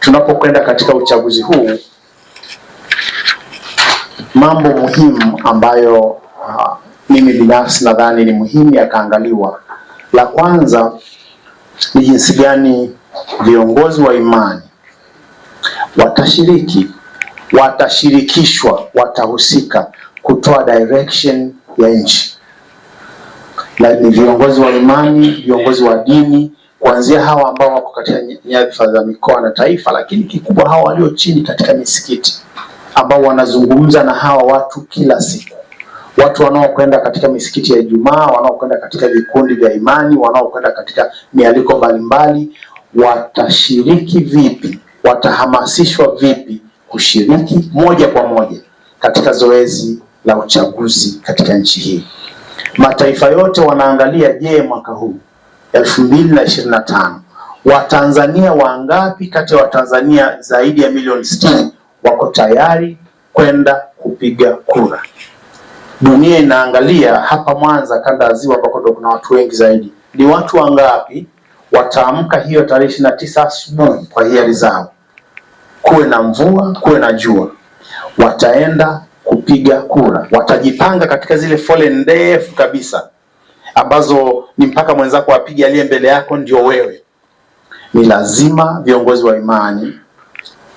tunapokwenda katika uchaguzi huu, mambo muhimu ambayo uh, mimi binafsi nadhani ni muhimu yakaangaliwa. La kwanza ni jinsi gani viongozi wa imani watashiriki, watashirikishwa, watahusika kutoa direction ya nchi. Ni viongozi wa imani, viongozi wa dini kuanzia hawa ambao wako katika nyadhifa za mikoa na taifa, lakini kikubwa hawa walio chini katika misikiti ambao wanazungumza na hawa watu kila siku, watu wanaokwenda katika misikiti ya Ijumaa, wanaokwenda katika vikundi vya imani, wanaokwenda katika mialiko mbalimbali, watashiriki vipi? Watahamasishwa vipi kushiriki moja kwa moja katika zoezi la uchaguzi katika nchi hii? Mataifa yote wanaangalia, je, mwaka huu elfu mbili na ishirini na tano Watanzania wangapi kati ya Watanzania zaidi ya milioni sitini wako tayari kwenda kupiga kura? Dunia inaangalia hapa Mwanza, kanda ya Ziwa, ambako ndo kuna watu wengi zaidi. Ni watu wangapi wataamka hiyo tarehe ishirini na tisa asubuhi kwa hiari zao, kuwe na mvua, kuwe na jua, wataenda kupiga kura, watajipanga katika zile foleni ndefu kabisa ambazo ni mpaka mwenzako apige aliye mbele yako ndio wewe. Ni lazima viongozi wa imani,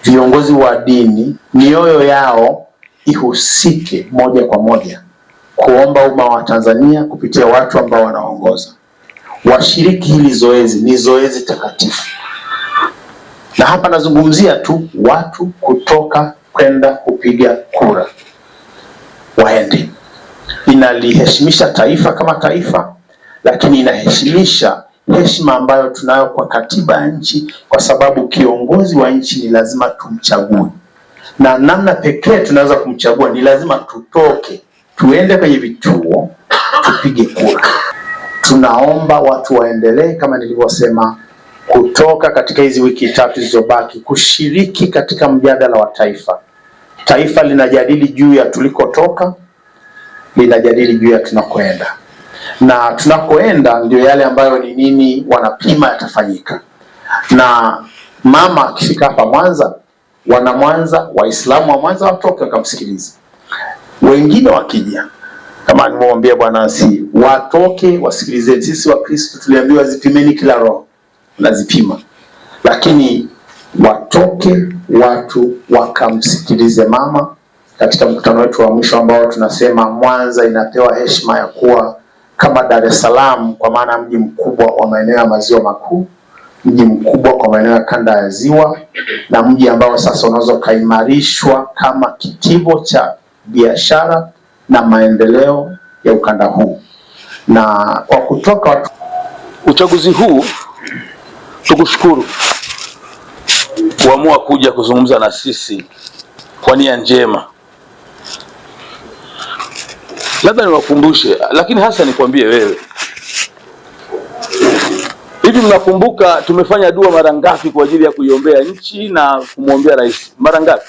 viongozi wa dini, mioyo yao ihusike moja kwa moja kuomba umma wa Tanzania kupitia watu ambao wanaongoza washiriki hili zoezi. Ni zoezi takatifu, na hapa nazungumzia tu watu kutoka kwenda kupiga kura, waende inaliheshimisha taifa kama taifa, lakini inaheshimisha heshima ambayo tunayo kwa katiba ya nchi, kwa sababu kiongozi wa nchi ni lazima tumchague, na namna pekee tunaweza kumchagua ni lazima tutoke, tuende kwenye vituo, tupige kura. Tunaomba watu waendelee, kama nilivyosema, kutoka katika hizi wiki tatu zilizobaki, kushiriki katika mjadala wa taifa. Taifa linajadili juu ya tulikotoka linajadili juu ya tunakoenda, na tunakoenda ndio yale ambayo ni nini wanapima yatafanyika. Na mama akifika hapa Mwanza, wana Mwanza, Waislamu wa Mwanza watoke wakamsikilize wengine wakija kama nimwambia Bwana asi watoke wasikilize. Sisi Wakristo tuliambiwa zipimeni kila roho, nazipima lakini watoke watu wakamsikilize mama katika mkutano wetu wa mwisho ambao tunasema Mwanza inapewa heshima ya kuwa kama Dar es Salaam kwa maana mji mkubwa wa maeneo ya maziwa makuu, mji mkubwa kwa maeneo ya kanda ya ziwa, na mji ambao sasa unaweza ukaimarishwa kama kitivo cha biashara na maendeleo ya ukanda huu. Na kwa kutoka uchaguzi huu tukushukuru kuamua kuja kuzungumza na sisi kwa nia njema labda niwakumbushe, lakini hasa nikwambie wewe, hivi mnakumbuka tumefanya dua mara ngapi kwa ajili ya kuiombea nchi na kumwombea rais? Mara ngapi?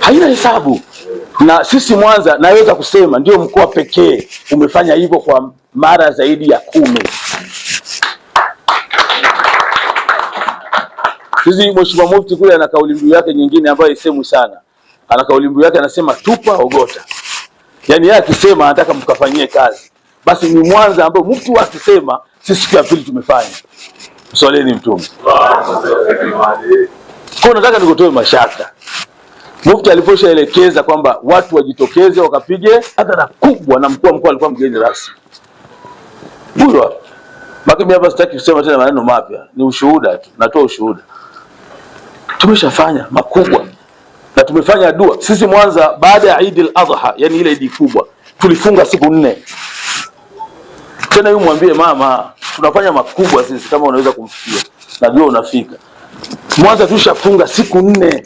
Haina hesabu. Na sisi Mwanza, naweza kusema ndio mkoa pekee umefanya hivyo kwa mara zaidi ya kumi. Sisi Mheshimiwa Mufti kule ana kauli mbiu yake nyingine ambayo isemwi sana ana kauli mbiu yake anasema tupa ogota. Yaani yeye ya akisema anataka mkafanyie kazi, basi ni Mwanza ambao mtu akisema sisi siku ya pili tumefanya. Msoleni Mtume. Kwa nataka nikutoe mashaka. Mufti aliposhaelekeza kwamba watu wajitokeze wakapige hadhara kubwa, na mkuu mkuu alikuwa mgeni rasmi huyo. Baki hapa sitaki kusema tena maneno mapya, ni ushuhuda tu, natoa ushuhuda. Tumeshafanya makubwa tumefanya dua sisi Mwanza baada ya Eid al-Adha, yani ile Eid kubwa tulifunga siku nne. Tena yeye mwambie mama, tunafanya makubwa sisi, kama unaweza kumfikia, najua unafika Mwanza. Tushafunga siku nne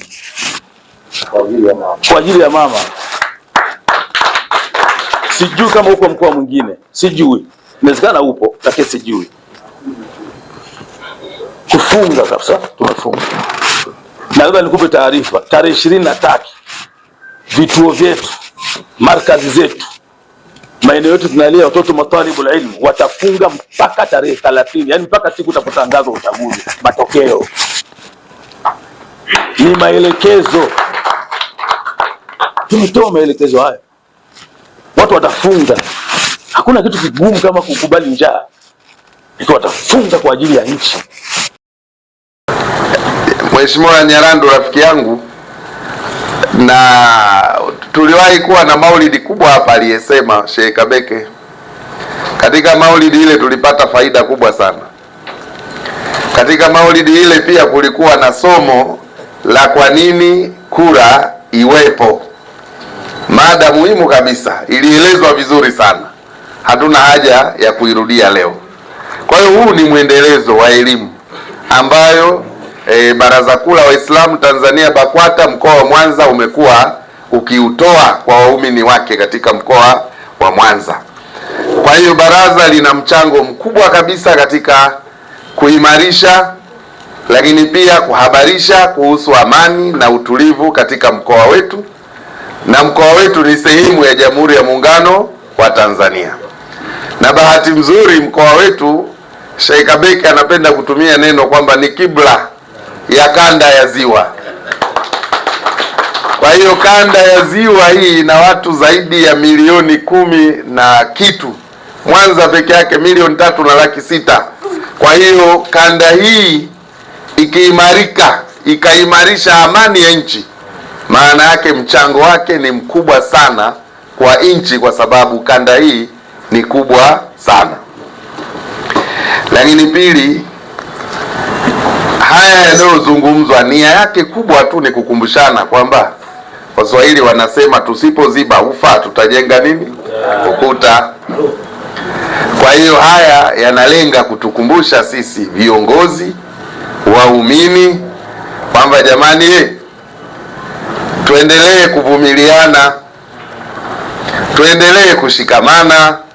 kwa ajili ya mama. Sijui kama uko mkoa mwingine, sijui, inawezekana upo, lakini sijui kufunga kabisa, tumefunga na labda nikupe taarifa, tarehe ishirini na tatu vituo vyetu, markazi zetu, maeneo yetu tunalia watoto matalibu ilmu watafunga mpaka tarehe 30, yani mpaka siku utakapotangazwa uchaguzi matokeo. Ni maelekezo, tumetoa maelekezo haya, watu watafunga. Hakuna kitu kigumu kama kukubali njaa, ikiwa watafunga kwa ajili ya nchi. Mheshimiwa Nyarando rafiki yangu, na tuliwahi kuwa na maulidi kubwa hapa, aliyesema Sheikh Kabeke. Katika maulidi ile tulipata faida kubwa sana. Katika maulidi ile pia kulikuwa na somo la kwa nini kura iwepo, mada muhimu kabisa, ilielezwa vizuri sana, hatuna haja ya kuirudia leo. Kwa hiyo huu ni mwendelezo wa elimu ambayo e, Baraza Kuu la Waislamu Tanzania BAKWATA mkoa wa Mwanza umekuwa ukiutoa kwa waumini wake katika mkoa wa Mwanza. Kwa hiyo baraza lina mchango mkubwa kabisa katika kuimarisha lakini pia kuhabarisha kuhusu amani na utulivu katika mkoa wetu, na mkoa wetu ni sehemu ya Jamhuri ya Muungano wa Tanzania. Na bahati nzuri mkoa wetu, Sheikh Abeka anapenda kutumia neno kwamba ni kibla ya kanda ya Ziwa. Kwa hiyo kanda ya Ziwa hii ina watu zaidi ya milioni kumi na kitu, Mwanza peke yake milioni tatu na laki sita. Kwa hiyo kanda hii ikiimarika, ikaimarisha amani ya nchi, maana yake mchango wake ni mkubwa sana kwa nchi, kwa sababu kanda hii ni kubwa sana. Lakini pili haya yanayozungumzwa nia yake kubwa tu ni kukumbushana kwamba Waswahili wanasema tusipoziba ufa tutajenga nini? Ukuta. Kwa hiyo haya yanalenga kutukumbusha sisi viongozi, waumini kwamba jamani, tuendelee kuvumiliana, tuendelee kushikamana.